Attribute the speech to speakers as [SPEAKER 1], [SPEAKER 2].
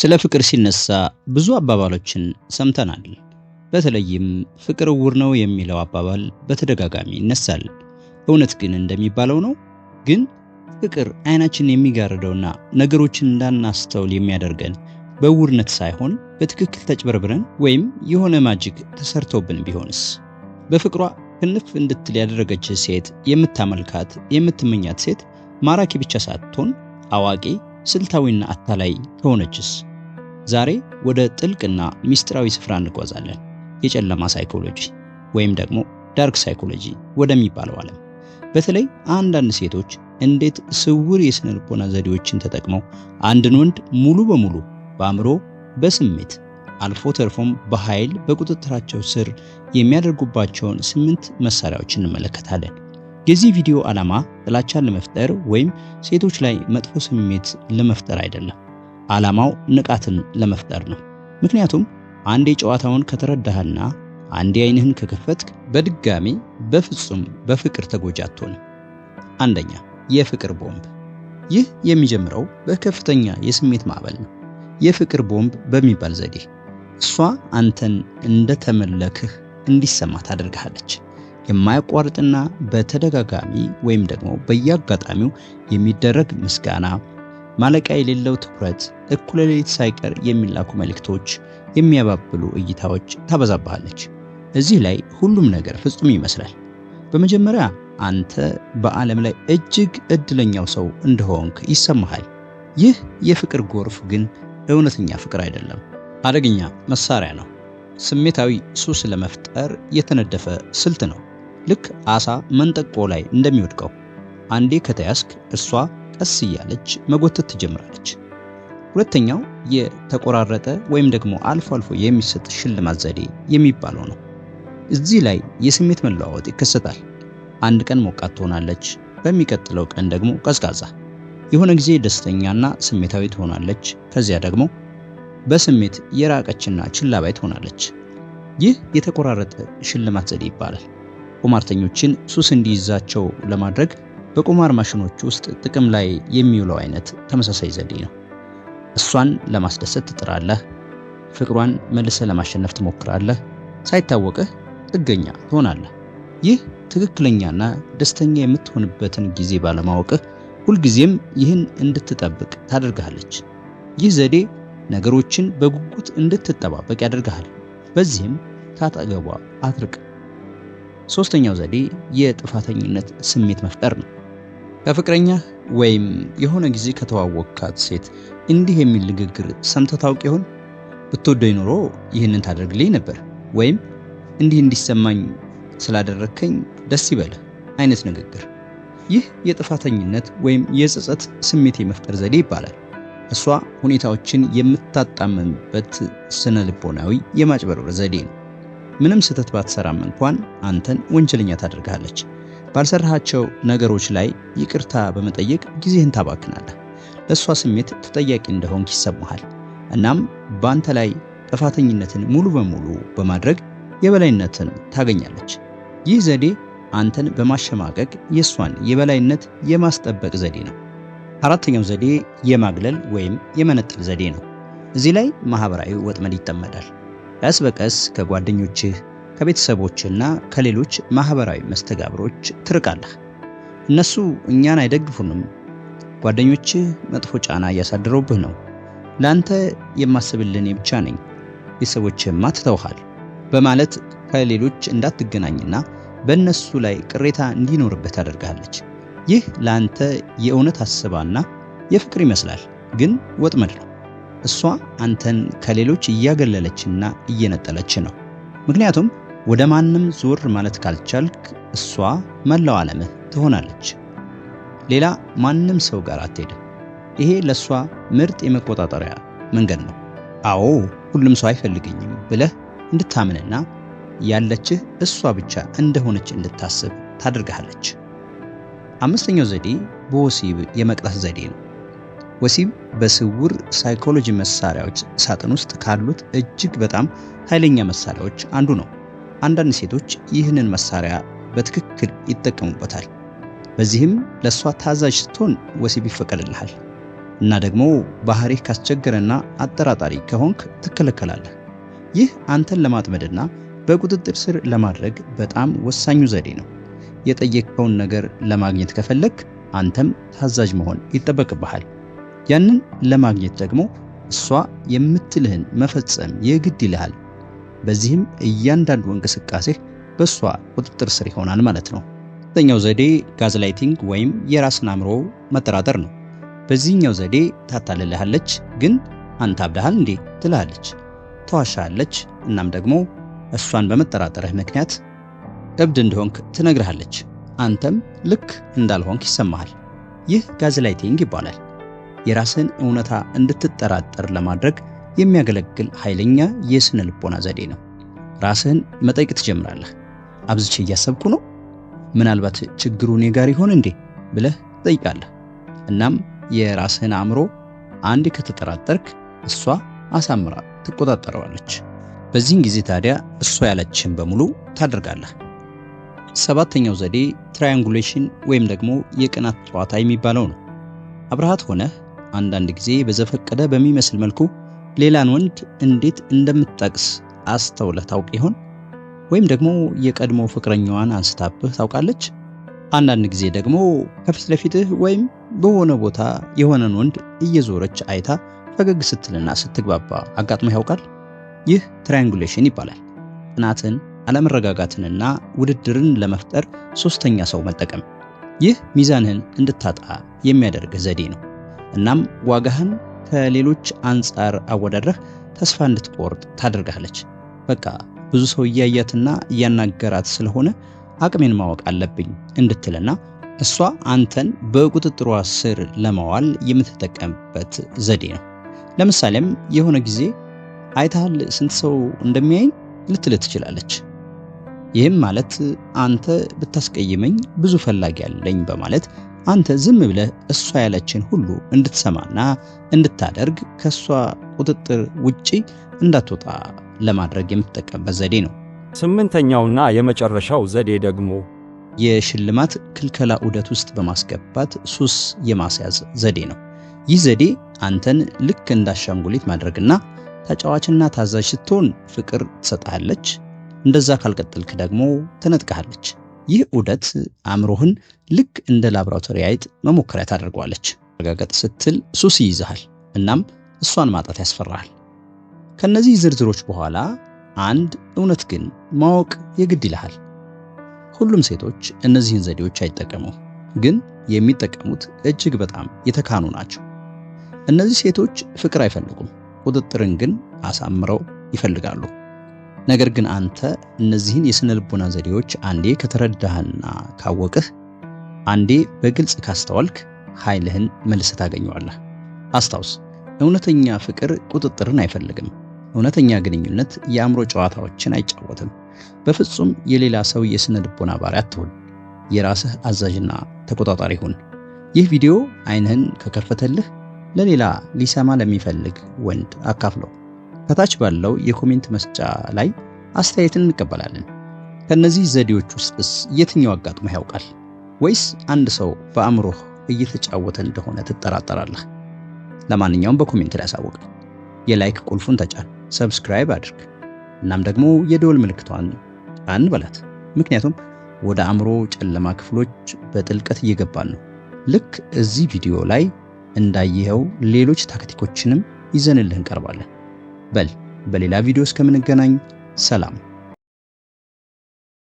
[SPEAKER 1] ስለ ፍቅር ሲነሳ ብዙ አባባሎችን ሰምተናል። በተለይም ፍቅር እውር ነው የሚለው አባባል በተደጋጋሚ ይነሳል። እውነት ግን እንደሚባለው ነው? ግን ፍቅር አይናችን የሚጋርደውና ነገሮችን እንዳናስተውል የሚያደርገን በእውርነት ሳይሆን በትክክል ተጭበርብረን ወይም የሆነ ማጅግ ተሰርቶብን ቢሆንስ? በፍቅሯ ክንፍ እንድትል ያደረገች ሴት የምታመልካት የምትመኛት ሴት ማራኪ ብቻ ሳትሆን አዋቂ ስልታዊና አታላይ ከሆነችስ? ዛሬ ወደ ጥልቅና ሚስጥራዊ ስፍራ እንጓዛለን። የጨለማ ሳይኮሎጂ ወይም ደግሞ ዳርክ ሳይኮሎጂ ወደሚባለው ዓለም በተለይ አንዳንድ ሴቶች እንዴት ስውር የስነ ልቦና ዘዴዎችን ተጠቅመው አንድን ወንድ ሙሉ በሙሉ በአእምሮ፣ በስሜት አልፎ ተርፎም በኃይል በቁጥጥራቸው ስር የሚያደርጉባቸውን ስምንት መሳሪያዎች እንመለከታለን። የዚህ ቪዲዮ ዓላማ ጥላቻን ለመፍጠር ወይም ሴቶች ላይ መጥፎ ስሜት ለመፍጠር አይደለም። ዓላማው ንቃትን ለመፍጠር ነው። ምክንያቱም አንዴ ጨዋታውን ከተረዳህና አንዴ አይንህን ከከፈትክ በድጋሚ በፍጹም በፍቅር ተጎጂ አትሆንም። አንደኛ የፍቅር ቦምብ። ይህ የሚጀምረው በከፍተኛ የስሜት ማዕበል ነው። የፍቅር ቦምብ በሚባል ዘዴ እሷ አንተን እንደተመለክህ እንዲሰማ ታደርግሃለች። የማያቋርጥና በተደጋጋሚ ወይም ደግሞ በየአጋጣሚው የሚደረግ ምስጋና፣ ማለቂያ የሌለው ትኩረት፣ እኩለ ሌሊት ሳይቀር የሚላኩ መልእክቶች፣ የሚያባብሉ እይታዎች ታበዛብሃለች። እዚህ ላይ ሁሉም ነገር ፍጹም ይመስላል። በመጀመሪያ አንተ በዓለም ላይ እጅግ እድለኛው ሰው እንደሆንክ ይሰማሃል። ይህ የፍቅር ጎርፍ ግን እውነተኛ ፍቅር አይደለም፣ አደገኛ መሳሪያ ነው። ስሜታዊ ሱስ ለመፍጠር የተነደፈ ስልት ነው። ልክ አሳ መንጠቆ ላይ እንደሚወድቀው አንዴ ከተያዝክ እርሷ ቀስ እያለች መጎተት ትጀምራለች። ሁለተኛው የተቆራረጠ ወይም ደግሞ አልፎ አልፎ የሚሰጥ ሽልማት ዘዴ የሚባለው ነው። እዚህ ላይ የስሜት መለዋወጥ ይከሰታል። አንድ ቀን ሞቃት ትሆናለች፣ በሚቀጥለው ቀን ደግሞ ቀዝቃዛ። የሆነ ጊዜ ደስተኛና ስሜታዊ ትሆናለች፣ ከዚያ ደግሞ በስሜት የራቀችና ችላባይ ትሆናለች። ይህ የተቆራረጠ ሽልማት ዘዴ ይባላል። ቁማርተኞችን ሱስ እንዲይዛቸው ለማድረግ በቁማር ማሽኖች ውስጥ ጥቅም ላይ የሚውለው አይነት ተመሳሳይ ዘዴ ነው። እሷን ለማስደሰት ትጥራለህ፣ ፍቅሯን መልሰ ለማሸነፍ ትሞክራለህ፣ ሳይታወቅህ ጥገኛ ትሆናለህ። ይህ ትክክለኛና ደስተኛ የምትሆንበትን ጊዜ ባለማወቅህ ሁልጊዜም ይህን እንድትጠብቅ ታደርግሃለች። ይህ ዘዴ ነገሮችን በጉጉት እንድትጠባበቅ ያደርግሃል። በዚህም ካጠገቧ አትርቅ። ሶስተኛው ዘዴ የጥፋተኝነት ስሜት መፍጠር ነው። ከፍቅረኛ ወይም የሆነ ጊዜ ከተዋወቅካት ሴት እንዲህ የሚል ንግግር ሰምተ ታውቅ ይሆን? ብትወደኝ ኖሮ ይህንን ታደርግልኝ ነበር፣ ወይም እንዲህ እንዲሰማኝ ስላደረግከኝ ደስ ይበልህ አይነት ንግግር። ይህ የጥፋተኝነት ወይም የጸጸት ስሜት የመፍጠር ዘዴ ይባላል። እሷ ሁኔታዎችን የምታጣመምበት ስነ ልቦናዊ የማጭበርበር ዘዴ ነው። ምንም ስህተት ባትሰራም እንኳን አንተን ወንጀለኛ ታደርግሃለች። ባልሰራሃቸው ነገሮች ላይ ይቅርታ በመጠየቅ ጊዜህን ታባክናለህ። ለእሷ ስሜት ተጠያቂ እንደሆንክ ይሰማሃል። እናም በአንተ ላይ ጥፋተኝነትን ሙሉ በሙሉ በማድረግ የበላይነትን ታገኛለች። ይህ ዘዴ አንተን በማሸማቀቅ የእሷን የበላይነት የማስጠበቅ ዘዴ ነው። አራተኛው ዘዴ የማግለል ወይም የመነጠል ዘዴ ነው። እዚህ ላይ ማህበራዊ ወጥመድ ይጠመዳል። ቀስ በቀስ ከጓደኞችህ ከቤተሰቦችና ከሌሎች ማህበራዊ መስተጋብሮች ትርቃለህ። እነሱ እኛን አይደግፉንም። ጓደኞችህ መጥፎ ጫና እያሳደረውብህ ነው። ለአንተ የማስብልን ብቻ ነኝ፣ ቤተሰቦችህማ ትተውሃል በማለት ከሌሎች እንዳትገናኝና በእነሱ ላይ ቅሬታ እንዲኖርበት ታደርጋለች። ይህ ለአንተ የእውነት አስባና የፍቅር ይመስላል፣ ግን ወጥመድ ነው። እሷ አንተን ከሌሎች እያገለለችና እየነጠለች ነው። ምክንያቱም ወደ ማንም ዞር ማለት ካልቻልክ እሷ መላው ዓለምህ ትሆናለች። ሌላ ማንም ሰው ጋር አትሄድም። ይሄ ለእሷ ምርጥ የመቆጣጠሪያ መንገድ ነው። አዎ ሁሉም ሰው አይፈልገኝም ብለህ እንድታምንና ያለችህ እሷ ብቻ እንደሆነች እንድታስብ ታደርግሃለች። አምስተኛው ዘዴ በወሲብ የመቅጣት ዘዴ ነው። ወሲብ በስውር ሳይኮሎጂ መሳሪያዎች ሳጥን ውስጥ ካሉት እጅግ በጣም ኃይለኛ መሳሪያዎች አንዱ ነው። አንዳንድ ሴቶች ይህንን መሳሪያ በትክክል ይጠቀሙበታል። በዚህም ለእሷ ታዛዥ ስትሆን ወሲብ ይፈቀድልሃል እና ደግሞ ባህሪህ ካስቸገረና አጠራጣሪ ከሆንክ ትከለከላለህ። ይህ አንተን ለማጥመድና በቁጥጥር ስር ለማድረግ በጣም ወሳኙ ዘዴ ነው። የጠየቅከውን ነገር ለማግኘት ከፈለግ አንተም ታዛዥ መሆን ይጠበቅብሃል። ያንን ለማግኘት ደግሞ እሷ የምትልህን መፈጸም የግድ ይልሃል። በዚህም እያንዳንዱ እንቅስቃሴህ በእሷ ቁጥጥር ስር ይሆናል ማለት ነው። ሁለተኛው ዘዴ ጋዝላይቲንግ ወይም የራስን አእምሮ መጠራጠር ነው። በዚህኛው ዘዴ ታታልልሃለች፣ ግን አንተ አብዳሃል እንዴ ትልሃለች፣ ተዋሻለች። እናም ደግሞ እሷን በመጠራጠርህ ምክንያት እብድ እንደሆንክ ትነግርሃለች። አንተም ልክ እንዳልሆንክ ይሰማሃል። ይህ ጋዝላይቲንግ ይባላል። የራስን እውነታ እንድትጠራጠር ለማድረግ የሚያገለግል ኃይለኛ የስነ ልቦና ዘዴ ነው። ራስህን መጠየቅ ትጀምራለህ። አብዝቼ እያሰብኩ ነው፣ ምናልባት ችግሩ እኔ ጋር ይሆን እንዴ ብለህ ትጠይቃለህ። እናም የራስህን አእምሮ አንድ ከተጠራጠርክ እሷ አሳምራ ትቆጣጠረዋለች። በዚህን ጊዜ ታዲያ እሷ ያለችህን በሙሉ ታደርጋለህ። ሰባተኛው ዘዴ ትራያንጉሌሽን ወይም ደግሞ የቅናት ጨዋታ የሚባለው ነው። አብረሃት ሆነህ አንዳንድ ጊዜ በዘፈቀደ በሚመስል መልኩ ሌላን ወንድ እንዴት እንደምትጠቅስ አስተውለህ ታውቅ ይሆን? ወይም ደግሞ የቀድሞ ፍቅረኛዋን አንስታብህ ታውቃለች? አንዳንድ ጊዜ ደግሞ ከፊት ለፊትህ ወይም በሆነ ቦታ የሆነን ወንድ እየዞረች አይታ ፈገግ ስትልና ስትግባባ አጋጥሞ ያውቃል? ይህ ትራያንጉሌሽን ይባላል። ጥናትን አለመረጋጋትንና ውድድርን ለመፍጠር ሶስተኛ ሰው መጠቀም። ይህ ሚዛንህን እንድታጣ የሚያደርግህ ዘዴ ነው። እናም ዋጋህን ከሌሎች አንጻር አወዳድረህ ተስፋ እንድትቆርጥ ታደርጋለች። በቃ ብዙ ሰው እያያትና እያናገራት ስለሆነ አቅሜን ማወቅ አለብኝ እንድትልና እሷ አንተን በቁጥጥሯ ስር ለማዋል የምትጠቀምበት ዘዴ ነው። ለምሳሌም የሆነ ጊዜ አይተሃል ስንት ሰው እንደሚያይኝ ልትል ትችላለች። ይህም ማለት አንተ ብታስቀይመኝ ብዙ ፈላጊ አለኝ በማለት አንተ ዝም ብለህ እሷ ያለችን ሁሉ እንድትሰማና እንድታደርግ ከእሷ ቁጥጥር ውጪ እንዳትወጣ ለማድረግ የምትጠቀምበት ዘዴ ነው። ስምንተኛውና የመጨረሻው ዘዴ ደግሞ የሽልማት ክልከላ ዑደት ውስጥ በማስገባት ሱስ የማስያዝ ዘዴ ነው። ይህ ዘዴ አንተን ልክ እንዳሻንጉሊት አሻንጉሊት ማድረግና ተጫዋችና ታዛዥ ስትሆን ፍቅር ትሰጥሃለች፣ እንደዛ ካልቀጠልክ ደግሞ ትነጥቀሃለች። ይህ ዑደት አእምሮህን ልክ እንደ ላብራቶሪ አይጥ መሞከሪያ ታደርጓለች ረጋገጥ ስትል ሱስ ይይዝሃል፣ እናም እሷን ማጣት ያስፈራሃል። ከነዚህ ዝርዝሮች በኋላ አንድ እውነት ግን ማወቅ የግድ ይልሃል። ሁሉም ሴቶች እነዚህን ዘዴዎች አይጠቀሙ፣ ግን የሚጠቀሙት እጅግ በጣም የተካኑ ናቸው። እነዚህ ሴቶች ፍቅር አይፈልጉም፣ ቁጥጥርን ግን አሳምረው ይፈልጋሉ። ነገር ግን አንተ እነዚህን የስነ ልቦና ዘዴዎች አንዴ ከተረዳህና ካወቅህ፣ አንዴ በግልጽ ካስተዋልክ ኃይልህን መልሰ ታገኘዋለህ። አስታውስ፣ እውነተኛ ፍቅር ቁጥጥርን አይፈልግም። እውነተኛ ግንኙነት የአእምሮ ጨዋታዎችን አይጫወትም። በፍጹም የሌላ ሰው የሥነ ልቦና ባሪያ አትሁን። የራስህ አዛዥና ተቆጣጣሪ ሁን። ይህ ቪዲዮ አይንህን ከከፈተልህ ለሌላ ሊሰማ ለሚፈልግ ወንድ አካፍለው። ከታች ባለው የኮሜንት መስጫ ላይ አስተያየትን እንቀበላለን። ከነዚህ ዘዴዎች ውስጥስ የትኛው አጋጥሞ ያውቃል? ወይስ አንድ ሰው በአእምሮህ እየተጫወተ እንደሆነ ትጠራጠራለህ? ለማንኛውም በኮሜንት ላይ አሳውቅ። የላይክ ቁልፉን ተጫን፣ ሰብስክራይብ አድርግ፣ እናም ደግሞ የደወል ምልክቷን ጫን በላት። ምክንያቱም ወደ አእምሮ ጨለማ ክፍሎች በጥልቀት እየገባን ነው። ልክ እዚህ ቪዲዮ ላይ እንዳየኸው ሌሎች ታክቲኮችንም ይዘንልህ እንቀርባለን። በል በሌላ ቪዲዮ እስከምንገናኝ ሰላም።